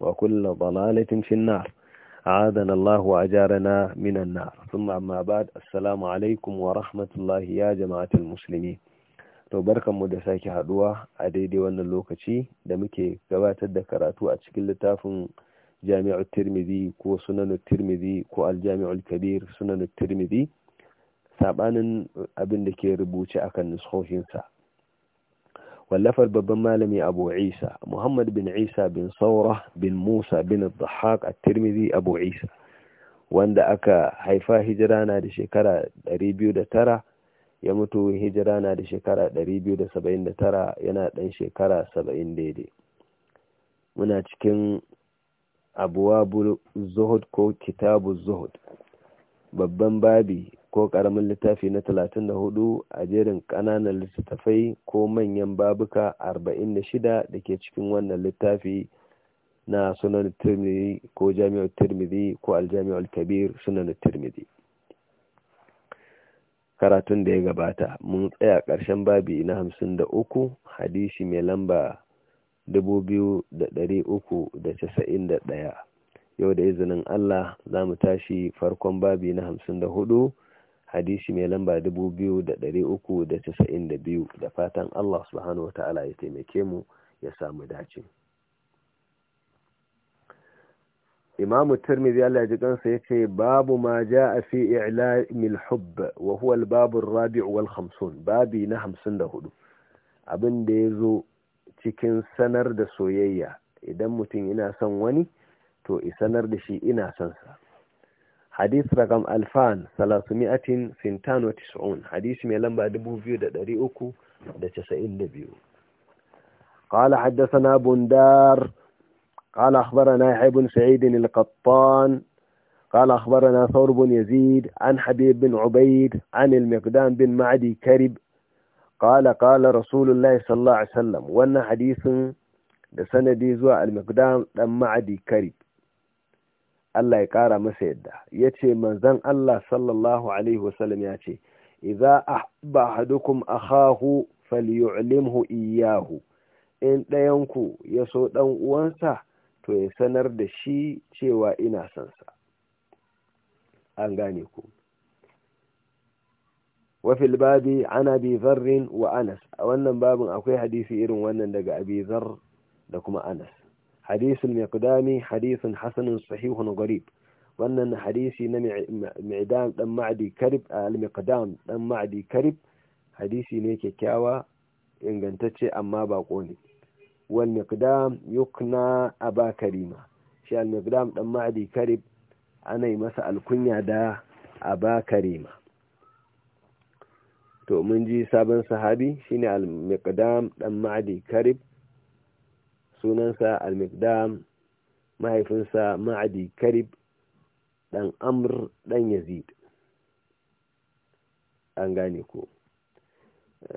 وكل ضلالة في النار عادنا الله وأجارنا من النار ثم أما بعد السلام عليكم ورحمة الله يا جماعة المسلمين to barkanmu da sake haduwa a daidai wannan lokaci da muke gabatar da karatu a cikin littafin jami'ar tirmidhi ko sunan tirmidhi ko aljami'ul kabir sunan tirmidhi sabanin abin da ke rubuce akan nuskohinsa wallafar babban malami abu isa muhammad bin isa bin saurah bin musa bin dhahak a tirmidhi abu isa wanda aka haifa hijira na da shekara 209 ya mutu hijira na da shekara 279 yana dan shekara 70 daidai muna cikin abuwa zuhud ko kitabu zuhud babban babi ko ƙaramin littafi na 34 a jerin ƙananan littattafai ko manyan babuka 46 da ke cikin wannan littafi na sunan turmidi ko jami'ar turmidi ko aljami'ar kabir sunan turmidi karatun da ya gabata mun tsaya ƙarshen babi na 53 hadishi mai lamba 2391 yau da izinin Allah za mu tashi farkon babi na hamsin da hudu hadisi mai lamba dubu biyu da ɗari uku da casa'in da biyu da fatan Allah subhanahu wa ta'ala ya taimake mu ya samu dace. imamu tirmidhi Allah ji kansa ce babu ma a fi i'lamil hub wa huwal babu rabi wal hamsun babi na hudu abin da ya zo cikin sanar da soyayya idan mutum yana son wani to isanar da shi ina son sa hadis rakam alfan salasumi'atin sintan wa tis'un hadisi mai lamba 2392 قال حدثنا بندار قال أخبرنا يحيى بن سعيد القطان قال أخبرنا ثور بن يزيد عن حبيب بن عبيد عن المقدام بن معدي كرب قال قال رسول الله صلى الله عليه وسلم وأن حديث da sanadi المقدام al معدي كرب Allah ya ƙara masa yadda ya ce manzan Allah sallallahu Alaihi wasallam ya ce, "Iza ba hadukum akhahu falyu'limhu iyahu, in ɗayanku ya so ɗan uwansa to ya sanar da shi cewa ina sansa." An gane ku. وفي الباب عن أبي ذر وأنس وأن باب akwai حديث إيرن وأن دقى أبي da kuma anas. hadisul miqdami hadisun hasanun sahihun gari wannan hadisi na mi'dam dan ma'adi karib a miqdam dan ma'adi karib hadisi ne kyakkyawa ingantacce amma bako ne wal yukna abakarima karima shi al dan ma'adi karib ana yi masa alkunya da aba to mun ji sabon sahabi shine al miqdam dan ma'adi karib sunansa al-mikdam mahaifinsa ma'adi karib dan amr dan yazid an gane ku eh,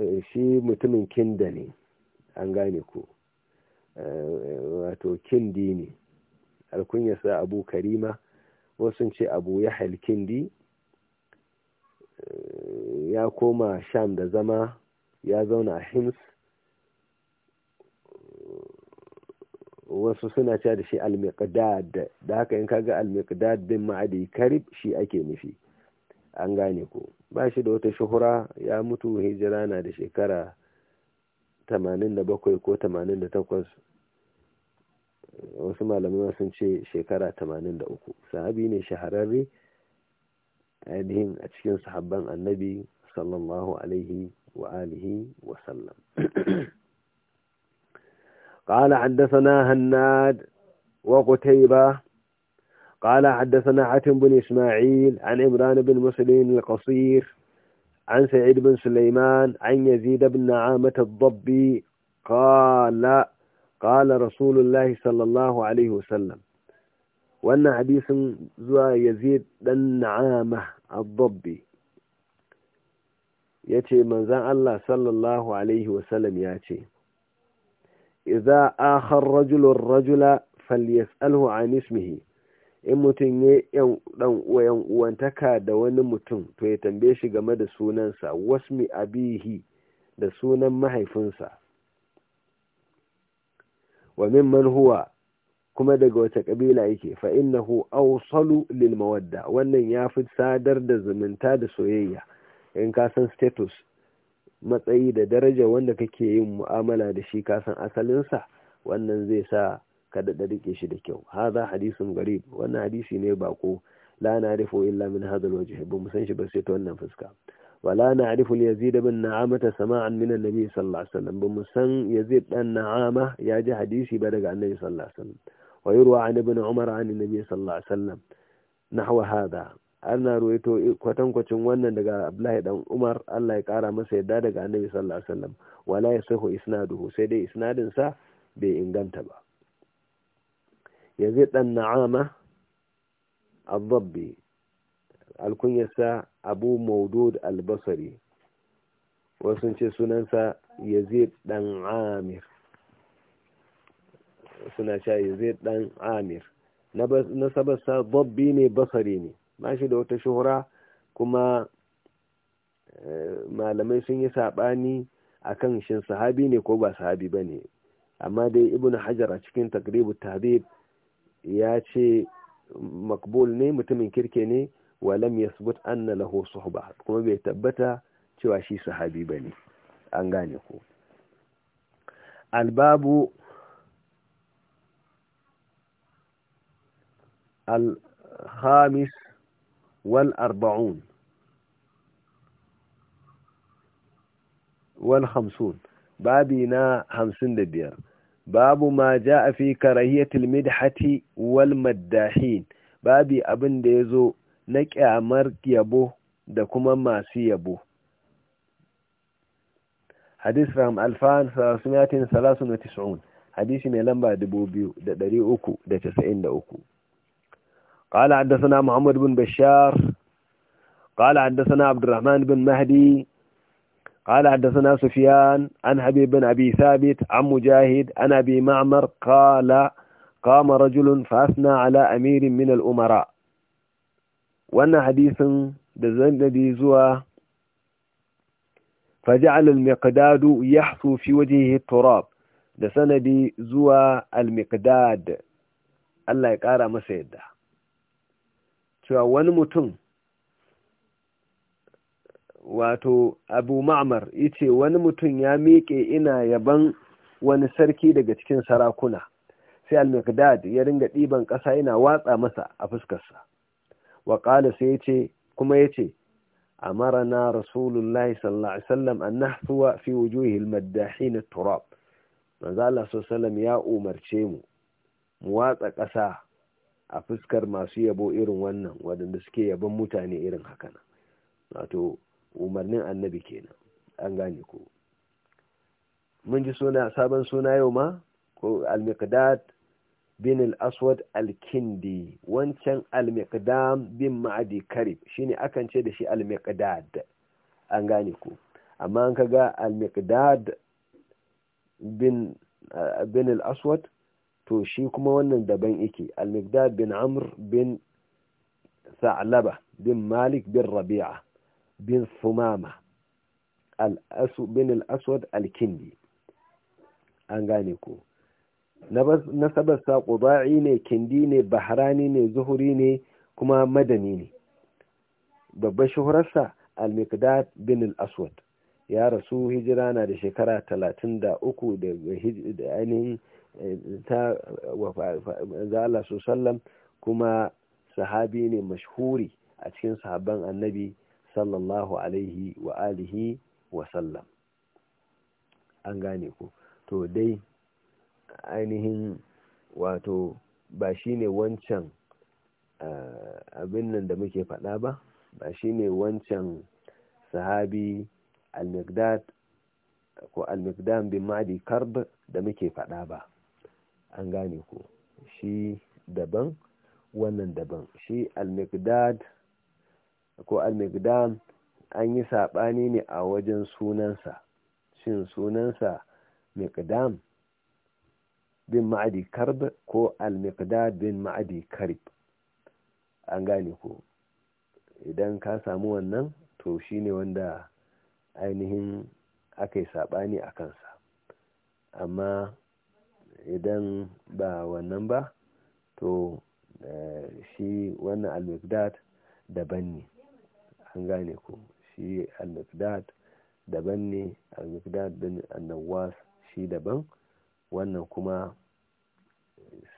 eh, shi mutumin kinda ne an gane ku eh, wato kindi ne alkunyarsa abu karima wasu ce abu ya halkindi ya koma sham da zama ya zauna a hims wasu suna cewa da shi al-miqdad da haka in kaga al-miqdad bin ma'adi karib shi ake nufi an gane ko ba shi da wata shuhura ya mutu hijira na da shekara 87 ko 88 wasu malamai sun ce shekara 83 sahabi ne shahararri a cikin sahabban annabi صلى الله عليه وآله وسلم قال حدثنا هناد وقتيبة قال حدثنا عتم بن إسماعيل عن عمران بن مسلم القصير عن سعيد بن سليمان عن يزيد بن نعامة الضبي قال قال رسول الله صلى الله عليه وسلم وأن حديث زوى يزيد بن نعامة الضبي ya ce manzan Allah sallallahu Alaihi wasallam ya ce, Iza har rajulun rajula falyas'alhu an ismihi in mutum ya yan uwantaka da wani mutum to ya tambaye shi game da sunansa wasmi abihi da sunan mahaifinsa wa mimman huwa kuma daga wata ƙabila yake fa innahu awsalu lil mawadda wannan ya fi sadar da zumunta da soyayya in ka san status matsayi da daraja wanda kake yin mu'amala da shi ka san asalinsa wannan zai sa ka daɗa rike shi da kyau haza hadisin garib wannan hadisi ne bako la na'rifu illa min hadha alwajh ba mu san shi ba sai ta wannan fuska na na'rifu yazid bin na'amata sama'an min annabi sallallahu alaihi wasallam ba mu san yazid dan na'ama ya ji hadisi ba daga annabi sallallahu alaihi wasallam wa yurwa an ibn umar an annabi sallallahu alaihi wasallam nahwa hadha ana ruwaito kwatankwacin wannan daga Abdullahi dan Umar Allah ya kara masa yadda daga Annabi sallallahu alaihi wasallam wala yasahu isnaduhu sai dai isnadin sa bai inganta ba Yazid dan Na'ama al-Dabbi kunyasa Abu Maudud al-Basri wasu ce sunansa Yazid dan Amir suna cewa Yazid dan Amir sabasa Dabbi ne Basri ne ba shi da wata shuhura kuma eh, malamai sun yi saɓani a kan shin sahabi ne ko ba sahabi ba ne amma dai ibn hajar a cikin takribu tabib ya ce makbul ne mutumin kirke ne walam ya subut anna lahu suhba kuma bai tabbata cewa shi sahabi ba ne an gane ku albabu والأربعون والخمسون بابنا خمسين دبير باب ما جاء في كراهية المدحة والمداحين babi abin da ya zo na ƙyamar yabo da kuma masu yabo. Hadis Ram Alfan Sarasunatin Salasun Hadisi mai lamba dubu biyu da ɗari uku da casa'in da uku. قال حدثنا محمد بن بشار قال حدثنا عبد الرحمن بن مهدي قال حدثنا سفيان عن حبيب بن أبي ثابت عن مجاهد عن أبي معمر قال قام رجل فأثنى على أمير من الأمراء وأن حديث دزندي زوا فجعل المقداد يحثو في وجهه التراب دسندي زوا المقداد الله يقارى مسيده cewa wani mutum wato abu ma'amar wani mutum ya miƙe ina yaban wani sarki daga cikin sarakuna sai al-mikdad ya ringa ɗiban ƙasa ina watsa masa a fuskarsa wa ƙala sai ya ce kuma ya ce amarana rasulullahi sallallahu alaihi wasallam an fi wujuhi al-maddahin turab manzo sallallahu ya umarce mu mu watsa ƙasa a fuskar masu yabo irin wannan wadanda suke yabon mutane irin haka na wato umarnin annabi kenan an gane ko mun ji suna sabon suna yau ma ko al bin al-aswad al-kindi wancan al bin ma'adi karib shine akan ce da shi al an gane ko amma an kaga al-miqdad bin ah, bin al-aswad to shi kuma wannan daban yake al-miqdad bin amr bin sa'laba bin malik bin rabi'a bin sumama bin al-aswad al-kindi an gane ku nasabar sa quda'i ne kindi ne bahrani ne zuhuri ne kuma madani ne babbar shahararsa al-miqdad bin al-aswad ya rasu hijira na da shekara 33 da ainihin ta zala su sallam kuma sahabi ne mashhuri a cikin sahabban annabi sallallahu alaihi wa alihi wa sallam an gane ku to dai ainihin wato ba shi ne wancan abin nan da muke faɗa ba ba shi ne wancan sahabi al mikdad ko al-miqdam bin ma'adi karb da muke faɗa ba an gane ku shi daban wannan daban shi al mikdad ko al an yi saɓani ne a wajen sunansa shin sunansa mikdam bin ma'adi karb ko al mikdad bin ma'adi karib an gane ku idan ka samu wannan to shi ne wanda ainihin aka yi saɓani a kansa amma idan ba wannan ba to eh, shi wannan al daban ne an gane ku shi al daban ne al din annawas shi daban wannan kuma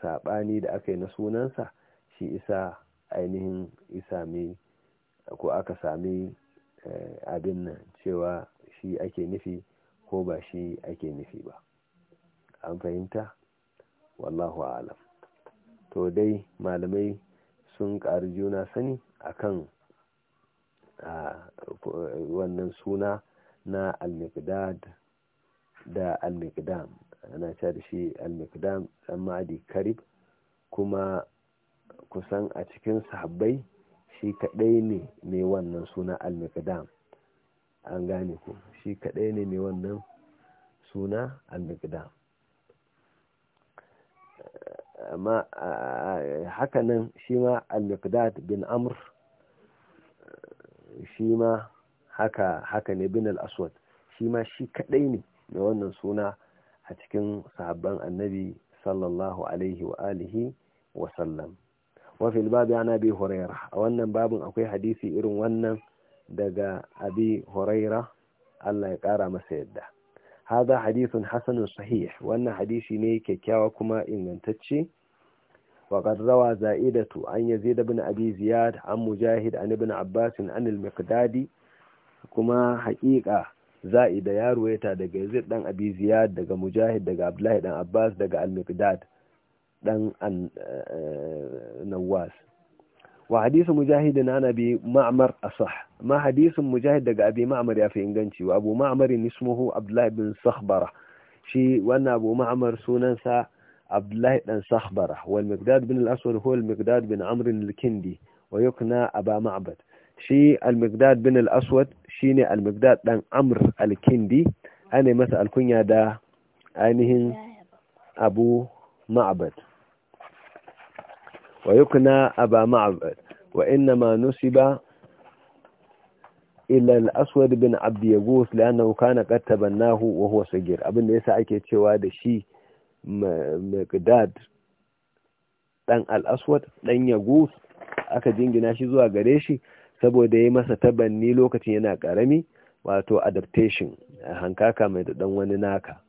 sabani da aka yi na sunansa shi isa ainihin isami ko aka sami eh, abin nan cewa shi ake nufi ko ba shi ake nufi ba an fahimta wallahu alam to dai malamai sun ƙari juna sani akan wannan suna na al da al mikdam ana cewa da shi al mikdam dan ma'adi karib kuma kusan a cikin sahabbai shi kadai ne mai wannan suna al mikdam an gane ku shi kadai ne mai wannan suna al mikdam hakanan shi ma al-miqdad bin amr shi ma haka haka ne bin al-aswad shi ma shi kadai ne da wannan suna a cikin sahabban annabi sallallahu alaihi wa alihi wa sallam wa fil ana hurairah a wannan babun akwai hadisi irin wannan daga abi hurairah Allah ya kara masa yadda hada hadithun hasanun sahih wannan hadisi ne kyakkyawa kuma ingantacce وقد روى زائدة عن يزيد بن أبي زياد عن مجاهد عن ابن عباس عن المقداد كما حقيقة زائدة يا رويتا دقى يزيد دان أبي زياد دقى مجاهد دقى عبد الله دان عباس دقى المقداد دان نواس وحديث مجاهد عن أبي معمر أصح Mahadisin hadisin mujahid daga abi ma'amar ya fi inganci wa abu ma'amar nismuhu abdullahi bin sakhbara shi wannan abu ma'amar sunansa abdullahi dan sakhbara wal miqdad bin al-aswad bin amr al-kindi wa yukna aba shi al-miqdad bin al shine al-miqdad dan amr al-kindi ana masa alkunya da ainihin abu ma'bad nusiba illa al-aswad bin abd yaghus lanahu kana qad tabannahu wa huwa sagir abinda yasa ake cewa da shi miqdad dan al-aswad dan yaghus aka jingina shi zuwa gare shi saboda yayi masa tabanni lokacin yana karami wato adaptation hankaka mai da dan wani naka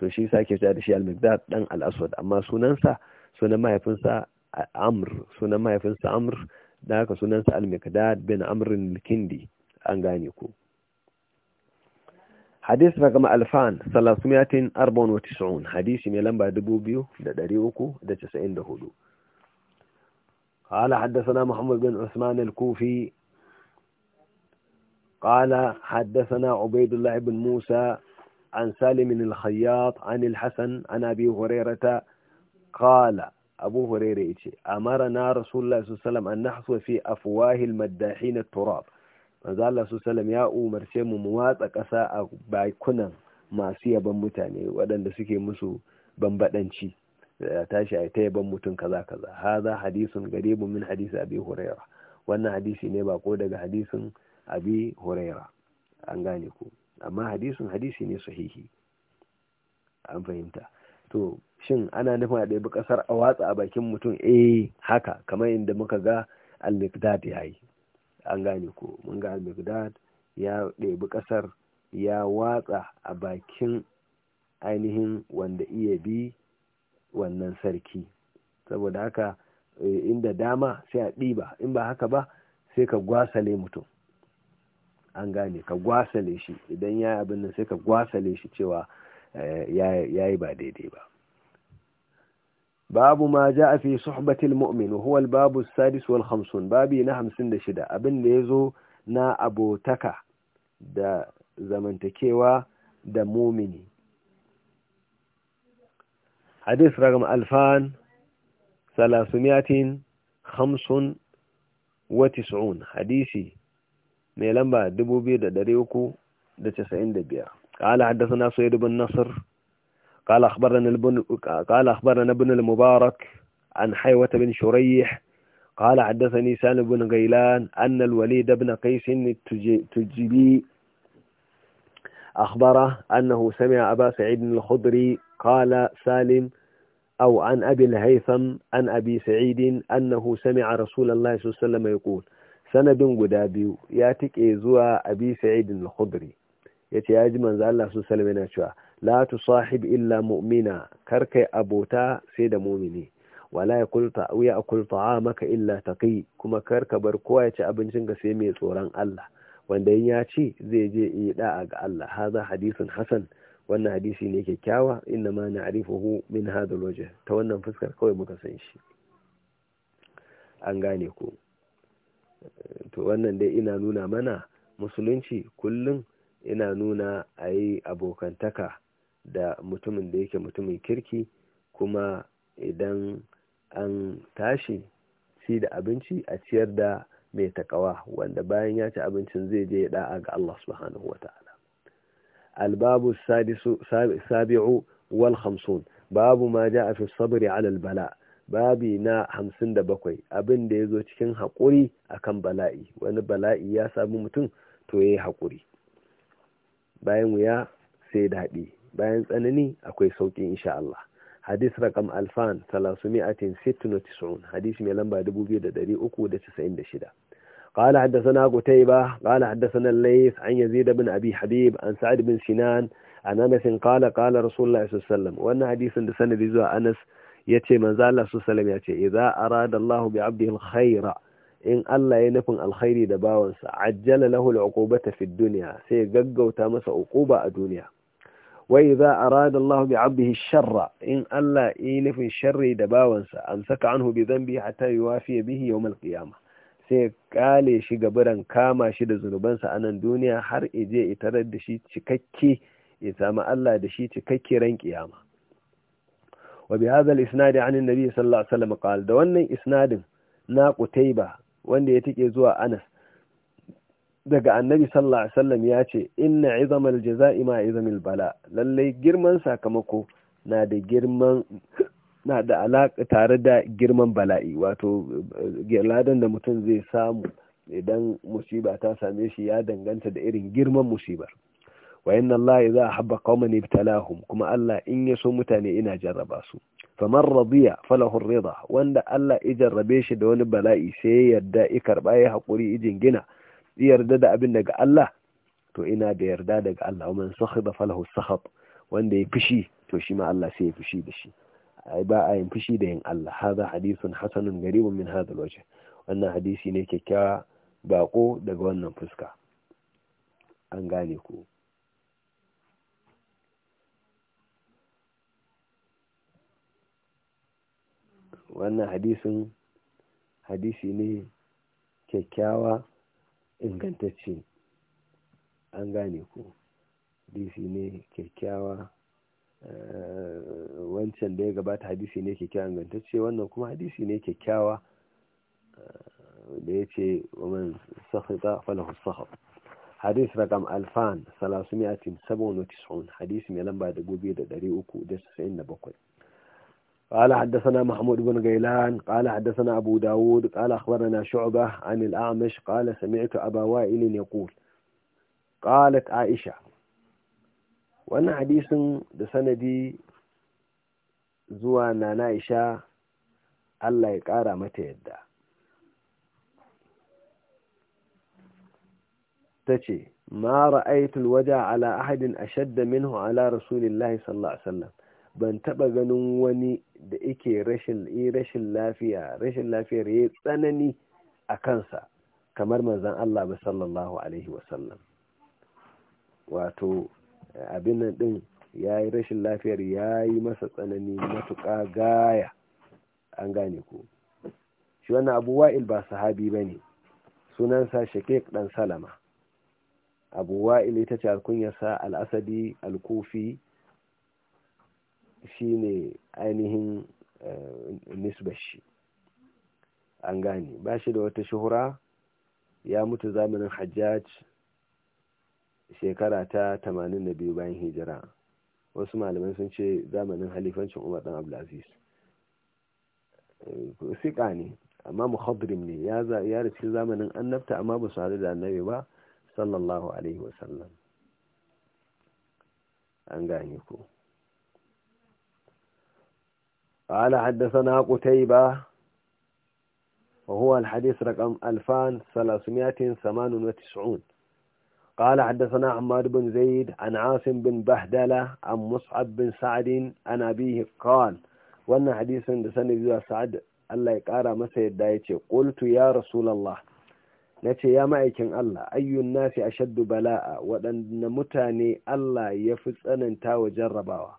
to shi sake cewa da shi al-miqdad dan al-aswad amma sunansa sunan mahaifinsa amr sunan mahaifinsa amr da haka sunansa al-miqdad bin amr al-kindi an gane ku hadis ragama alfan 394 hadisi mai lamba 2394 قال حدثنا محمد بن عثمان الكوفي قال حدثنا عبيد الله بن موسى عن سالم الخياط عن الحسن عن أبي هريرة قال أبو هريرة أمرنا رسول الله صلى الله عليه وسلم أن نحصو في أفواه المداحين التراب manzo Allah su ya umarce mu mu watsa ƙasa a bakunan masu yaban mutane waɗanda suke musu bambadanci da tashi a ta yaban mutum kaza kaza haza hadisun mu min hadisi abi huraira wannan hadisi ne bako daga hadisin abi huraira an gane ku amma hadisin hadisi ne sahihi an fahimta to shin ana nufin a ɗaya ƙasar a watsa a bakin mutum eh haka kamar inda muka ga al-miqdad yayi an gane ko mun ga al baghdad ya ɗebi ƙasar ya watsa a bakin ainihin wanda iya bi wannan sarki saboda haka eh, inda dama sai a ɗiba in ba haka ba sai ka gwasale mutum an gane ka gwasale shi idan ya abin nan sai ka gwasale shi cewa eh, ya yi ba daidai ba باب ما جاء في صحبة المؤمن وهو الباب السادس والخمسون بابي نهم سند شدة أبن ليزو نا أبو تكا دا زمن تكيوا دا مؤمني حديث رقم الفان ثلاثمائة خمس وتسعون حديثي ميلمبا دبو بيدا دريوكو دا تسعين دبيا قال حدثنا سيد بن نصر قال أخبرنا البن قال أخبرنا ابن المبارك عن حيوة بن شريح قال حدثني سالم بن غيلان أن الوليد بن قيس التجبي أخبره أنه سمع أبا سعيد الخضري قال سالم أو عن أبي الهيثم عن أبي سعيد أنه سمع رسول الله صلى الله عليه وسلم يقول سند قدابي ياتك إيزوى أبي سعيد الخضري يتي أجمع الله صلى الله عليه وسلم la tusahib illa mu'mina kar kai abota sai da mu'mini wala yakulta aw ya'kul ta'amaka illa taqi kuma kar ka bar kowa ya ci abincin ka sai mai tsoron Allah wanda in ya ci zai je yi da'a ga Allah haza hadisin hasan wannan hadisi ne kyakkyawa inna ma na'rifuhu min hadha wajh ta wannan fuskar kawai muka san shi an gane ko to wannan dai ina nuna mana musulunci kullum ina nuna ayi abokantaka da mutumin da yake mutumin kirki kuma idan an tashi ci da abinci a ciyar da mai takawa wanda bayan ya ci abincin zai je ya da'a ga Allah subhanahu wata'ala albabu sabi'u wal khamsun babu ma ja'a fi sabri ala al bala babi na hamsin da bakwai abin da ya zo cikin haƙuri akan bala'i wani bala'i ya samu mutum to ya yi haƙuri bayan wuya sai daɗi bayan tsanani akwai sauƙi insha Allah hadis rakam alfan salasumi hadis mai lamba dubu biyu da ɗari uku da casa'in da shida qala haddathana qutayba qala haddathana al-layth an yazid abi habib an sa'id bin sinan a anas qala qala rasulullah sallallahu alaihi wasallam wa da sanadi zuwa anas ya ce manzala sallallahu alaihi yace idza arada allahu bi abdihi al in allah ya nufin al da bawansa ajjala lahu al ta fi duniya sai gaggauta masa uquba a duniya wai za a Allah bi 'abdihi sharra in Allah yi nufin sharri da bawansa amsaka anhu bi dhanbi hatta yuwafi bihi ya al-qiyamah sai kale shi gaburan kama shi da zunubansa a nan duniya har ije itarar da shi cikakke ya samu Allah da shi cikakke ran kiyama wa bi hadha hannun isnad 'an an-nabi da wannan isnadin na kutaiba wanda ya take zuwa Anas daga annabi sallallahu alaihi wasallam ya ce inna izamal jaza'i ma izamil bala lalle girman sakamako na da girman na da alaka tare da girman bala'i wato eh, ladan da mutum zai samu idan musiba ta same shi ya danganta da irin girman musibar wa inna za idza habba qauman ibtalahum kuma Allah in ya so mutane ina jarraba su faman radiya falahu ridha wanda Allah ya jarrabe shi da wani bala'i sai ya yarda i karba ya hakuri i jingina yarda da abin daga Allah to ina da yarda daga Allah man sakhida falahu sakhab wanda ya fishi to shi ma Allah sai ya fishi da shi ai ba a yin fishi da yin Allah hadha hadithun hasanun garibun min hadha alwajh wannan hadisi ne kyakkyawa bako daga wannan fuska an gane ku wannan hadisin hadisi ne kyakkyawa Mm. ingantacce an gane ku hadisi ne kyakkyawa eh, wancan da ya gabata hadisi ne kyakkyawa ingantacce wannan kuma hadisi ne kyakkyawa eh, da ya ce waman sakhita falahu sakhab hadis rakam alfan 397 hadisi mai lamba da gobe da 397 قال حدثنا محمود بن غيلان قال حدثنا أبو داود قال أخبرنا شعبة عن الأعمش قال سمعت أبا وائل يقول قالت عائشة hadisin حديث بسندي zuwa na na'isha Allah ya ƙara mata yadda ta ce ma ra'aitul waje ala ahadin ashadda minhu ala rasulillahi sallallahu alaihi wasallam ban taɓa ganin wani da yake rashin rashin lafiya rashin lafiyar ya tsanani a kansa kamar manzon Allah ba sallallahu alaihi wasallam wato abin nan din ya yi rashin lafiyar ya yi masa tsanani matuƙa gaya an gane ku shi wannan abu wa'il ba sahabi ba ne sunansa shakek ɗan salama abu wa'il ita ce alkunyarsa al'asadi alkufi Shi ne ainihin eh, nisbar shi an gane ba shi da wata shahura ya mutu zamanin hajjaj shekara ta tamanin biyu bayan hijira wasu malaman sun ce zamanin halifancin umar dan abdulaziz eh, siƙa ne amma muhadrim ne ya rici zamanin annabta amma ba su haɗu da annabi ba sallallahu alaihi wasallam an gane ku قال حدثنا قتيبة وهو الحديث رقم 2398 قال حدثنا عماد بن زيد عن عاصم بن بهدلة عن مصعب بن سعد عن أبيه قال وأن حديث لسنة سعد Allah ya ƙara masa yadda ya ce, Ƙultu ya Rasulallah, na ce, Ya ma'aikin Allah, ayyun nasi a shaddu bala'a waɗanda mutane Allah ya fi tsananta wa jarrabawa,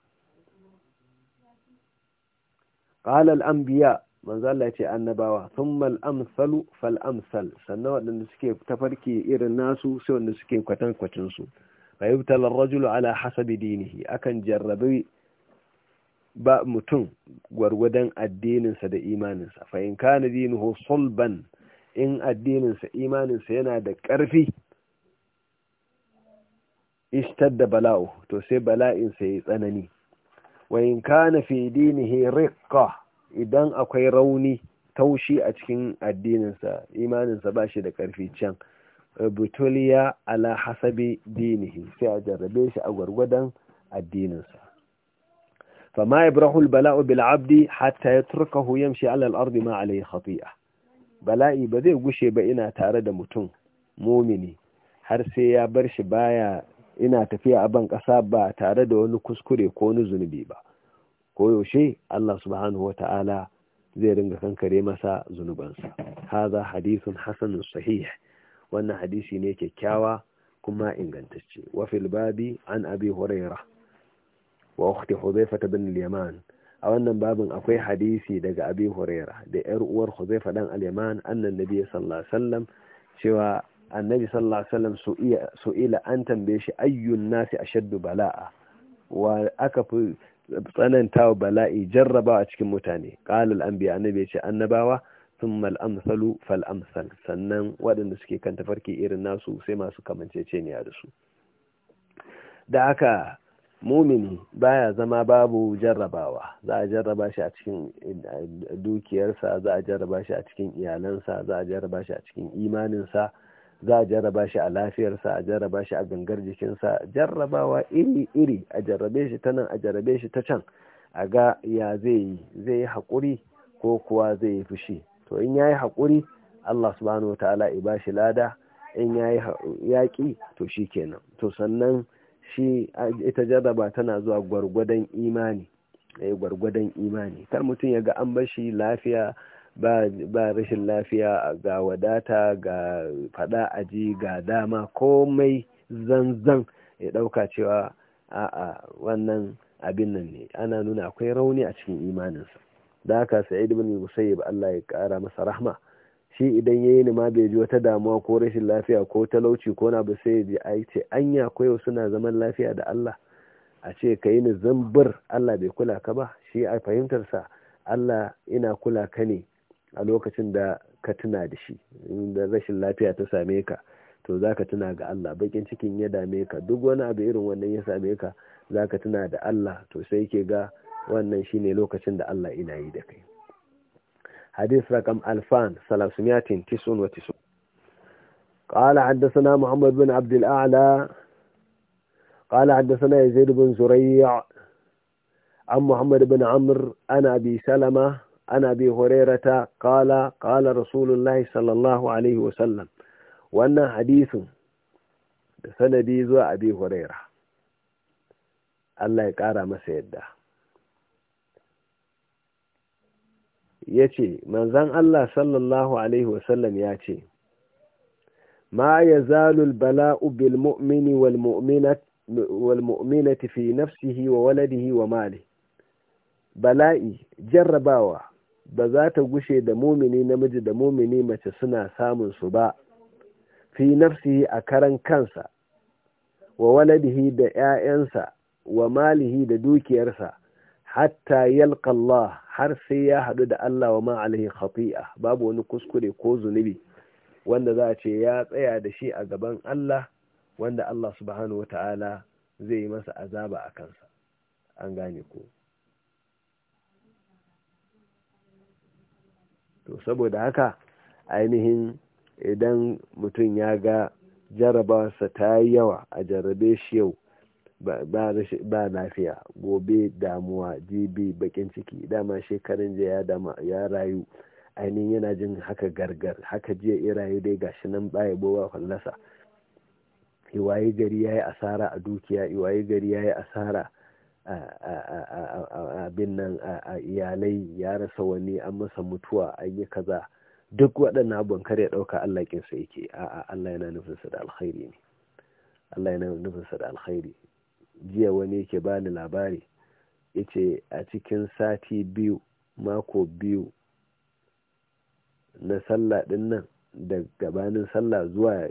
qala al anbiya manzo ce annabawa thumma amsalu fal amsal sannan wadanda suke tafarki irin nasu sai wanda suke kwatan kwacin su fayubtal ar-rajul ala hasabi dinihi akan jarrabi ba mutum gwargwadon addininsa da imaninsa fa in kana dinuhu sulban in addininsa imaninsa yana da karfi ƙarfi da bala'u to sai bala'insa ya tsanani wa in kana fi dinihi riqqa idan akwai rauni taushi a cikin addininsa imaninsa ba shi da ƙarfi can butuliya ala hasabi dinihi sai a jarrabe shi a gwargwadon addininsa fama ibrahu bala'u bil abdi hatta ya turkahu yamshi ala al-ardi ma alayhi khati'a bala'i ba zai gushe ba ina tare da mutum mumini har sai ya bar shi baya ina tafiya a ban ƙasa ba tare da wani kuskure ko wani zunubi ba koyaushe Allah subhanahu wa ta'ala zai ringa kankare masa zunubansa haza hadithun hasanun sahih wannan hadisi ne kyakkyawa kuma ingantacce wa fil babi an abi huraira wa ukhti hudhaifa bin al-yaman a wannan babin akwai hadisi daga abi huraira da yar uwar hudhaifa dan al-yaman annan nabi sallallahu alaihi wasallam cewa annabi sallallahu alaihi wasallam su'ila an tambaye shi ayyun nasi ashaddu bala'a wa aka fi tsananta wa bala'i jarrabawa cikin mutane qala al-anbiya annabi ce annabawa thumma al-amsalu fal amsal sannan waɗanda suke kan tafarki irin nasu sai masu kamanceceniya da su da aka mumini baya zama babu jarrabawa za a jarraba shi a cikin eh, dukiyarsa za a jarraba shi a cikin iyalansa za a jarraba shi a cikin imaninsa za a jarraba shi a lafiyarsa a jarraba shi a gangar jikinsa jarrabawa iri-iri a jarrabe shi ta nan a jarrabe shi ta can a ga ya zai yi zai yi haƙuri ko kuwa zai yi fushi to in ya yi haƙuri allah subhanahu ta'ala ya ba shi lada in ya yi yaƙi to shi kenan to sannan shi ita jarraba tana zuwa gwargwadon imani eh, gwargwadon imani kar mutum ya ga an bashi lafiya ba rashin lafiya ga wadata ga fada aji ga dama komai zanzan ya dauka cewa a'a wannan abin nan ne ana nuna akwai rauni a cikin imaninsa da haka sa'id ibn musayyib Allah ya kara masa rahma shi idan yayi ni ma bai ji wata damuwa ko rashin lafiya ko talauci ko na ba sai ya ji ai ce anya koyo suna zaman lafiya da Allah a ce ka yi ni zambir Allah bai kula ka ba shi a fahimtar sa Allah ina kula ka ne a lokacin da ka tuna da shi da rashin lafiya ta same ka to za ka tuna ga Allah bakin cikin ya dame ka duk wani abu irin wannan ya same ka za ka tuna da Allah to sai ke ga wannan shi ne lokacin da Allah ina yi da kai hadis rakam alfan salasumiyatin tisun wa tisun قال حدثنا محمد بن عبد الأعلى قال حدثنا يزيد بن زريع عن محمد بن عمرو ana أبي سلمة عن أبي هريرة قال قال رسول الله صلى الله عليه وسلم وأن حديث سندي زو أبي هريرة الله يقارى ما سيدا yace manzon Allah sallallahu alaihi wasallam ya ce ma ya al-bala'u bil mu'mini wal fi nafsihi wa waladihi wa mali bala'i jarrabawa ba za ta gushe da mumini namiji da mumini mace suna samun su ba fi nafsihi a karan kansa wa waladihi da 'ya'yansa wa malihi da dukiyarsa hatta yalkallah har sai ya haɗu da Allah wa ma'alihi khati'a babu wani kuskure ko zunubi wanda za a ce ya tsaya da shi a gaban Allah wanda Allah subhanahu wa ta'ala zai yi masa azaba a kansa an gane ko to saboda haka ainihin idan mutum ya ga jarabarsa ta yi yawa a jarabe shi yau ba lafiya gobe damuwa jibi bakin ciki dama shekarun jiya ya rayu ainihin yana jin haka gargar haka jiya ya rayu dai gashi nan baya bowa fallasa iwaye gari ya yi asara a dukiya iwaye gari ya yi asara abin nan a iyalai ya rasa wani an masa mutuwa an yi kaza duk waɗannan abun kar ya ɗauka Allah kinsa yake a Allah yana nufinsa da alkhairi ne Allah yana nufinsa da alkhairi jiya wani yake bani labari yace a cikin sati biyu mako biyu na sallah din nan da gabanin sallah zuwa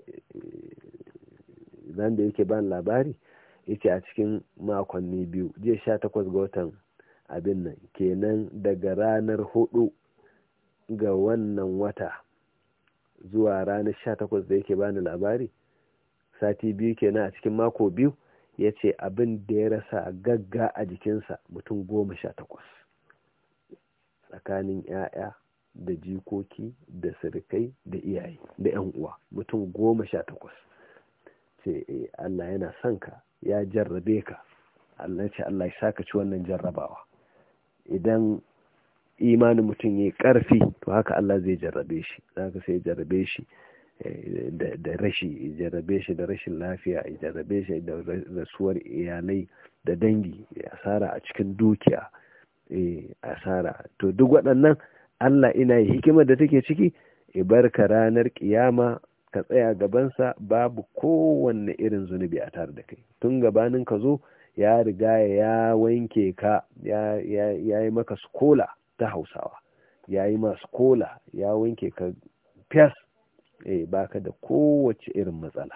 zan eh, da yake bani labari yace a cikin makonni biyu jiya sha takwas ga watan abin nan kenan daga ranar hudu ga wannan wata zuwa ranar sha takwas da yake bani labari sati biyu kenan a cikin mako biyu ya ce abin da ya rasa gagga a jikinsa mutum goma sha takwas tsakanin 'ya'ya da jikoki da sirikai da iyaye da 'yan uwa mutum goma sha takwas ce eh, Allah yana son ka ya jarrabe ka Allah ce Allah ya saka ci wannan jarrabawa idan imanin mutum ya karfi to haka Allah zai jarrabe shi zaka sai jarrabe shi eh, da rashi jarrabe shi da rashin lafiya jarrabe shi da rasuwar iyalai da dangi asara a cikin dukiya asara to duk waɗannan Allah ina yi hikimar da take ciki ibarka ranar kiyama ka tsaya gabansa babu kowanne irin zunubi a tare da kai tun gabanin ka zo ya riga ya wanke ka ya yi maka skola ta hausawa ya yi ma skola ya wanke ka fiyas eh baka da kowace irin matsala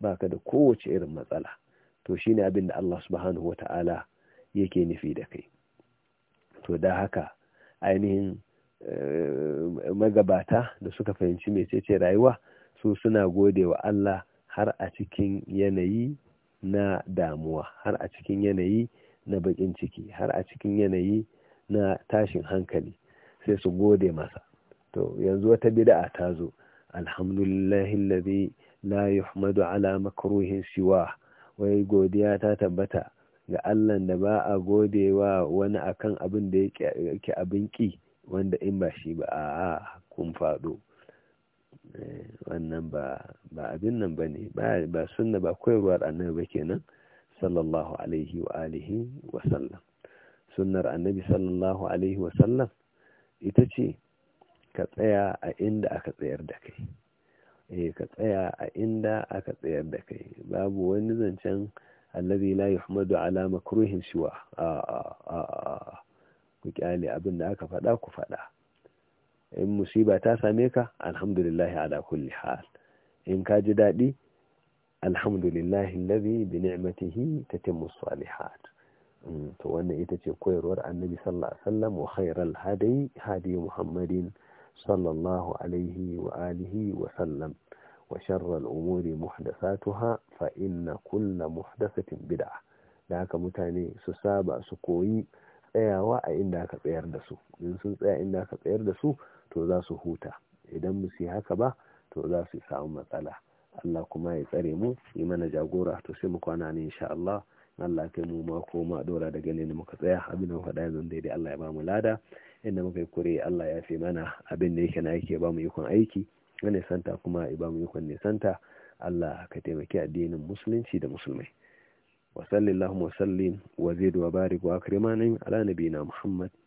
baka da kowace irin matsala to shine abin da Allah subhanahu wata'ala yake nufi da kai to da haka ainihin eh, magabata da suka fahimci ce mecece rayuwa su suna gode wa Allah har a cikin yanayi na damuwa har a cikin yanayi na bakin ciki har a cikin yanayi na tashin hankali sai su gode masa to yanzu wata bid'a ta zo alhamdulillahi allazi la yuhmadu ala makruhin siwa wai godiya ta tabbata ga Allah da ba a godewa wani akan abin da yake abin ki wanda in ba shi ba a kun fado waɗannan ba ba abin nan ba ba sunna ba koyarwar annabi ba kenan sallallahu alaihi wa alihi wa sallam sunnar annabi sallallahu alaihi wa sallam ita ce ka tsaya a inda aka tsayar da kai eh ka tsaya a inda aka tsayar da kai babu wani zancen allazi la yuhmadu ala makruhin shiwa a a a ku kyale abin da aka faɗa ku faɗa in musiba ta same ka alhamdulillahi ala kulli hal in ka ji daɗi alhamdulillahi allazi bi ni'matihi tatimmu salihat mm, to wannan ita ce koyarwar annabi sallallahu alaihi wasallam wa khairal hadi hadi muhammadin sallallahu alaihi wa alihi wa sallam wa sharral umuri muhdathatuha fa inna kulla muhdathatin bid'ah da haka mutane su saba su koyi tsayawa a inda aka tsayar da su in sun tsaya inda ka tsayar da su to za su huta idan ba su yi haka ba to za su samu matsala Allah kuma ya tsare mu yi mana jagora to sai mu kwana ne insha Allah Allah kai mu ko ma dora daga ne muka tsaya abin da faɗa yanzu daidai Allah ya ba mu lada inda muka yi kure Allah ya fi mana abin da yake na yake ba mu ikon aiki wani santa kuma ya ba mu ikon nisanta Allah ka taimaki addinin musulunci da musulmai wa sallallahu wa sallim wa zid wa barik wa akrimani ala nabiyina Muhammad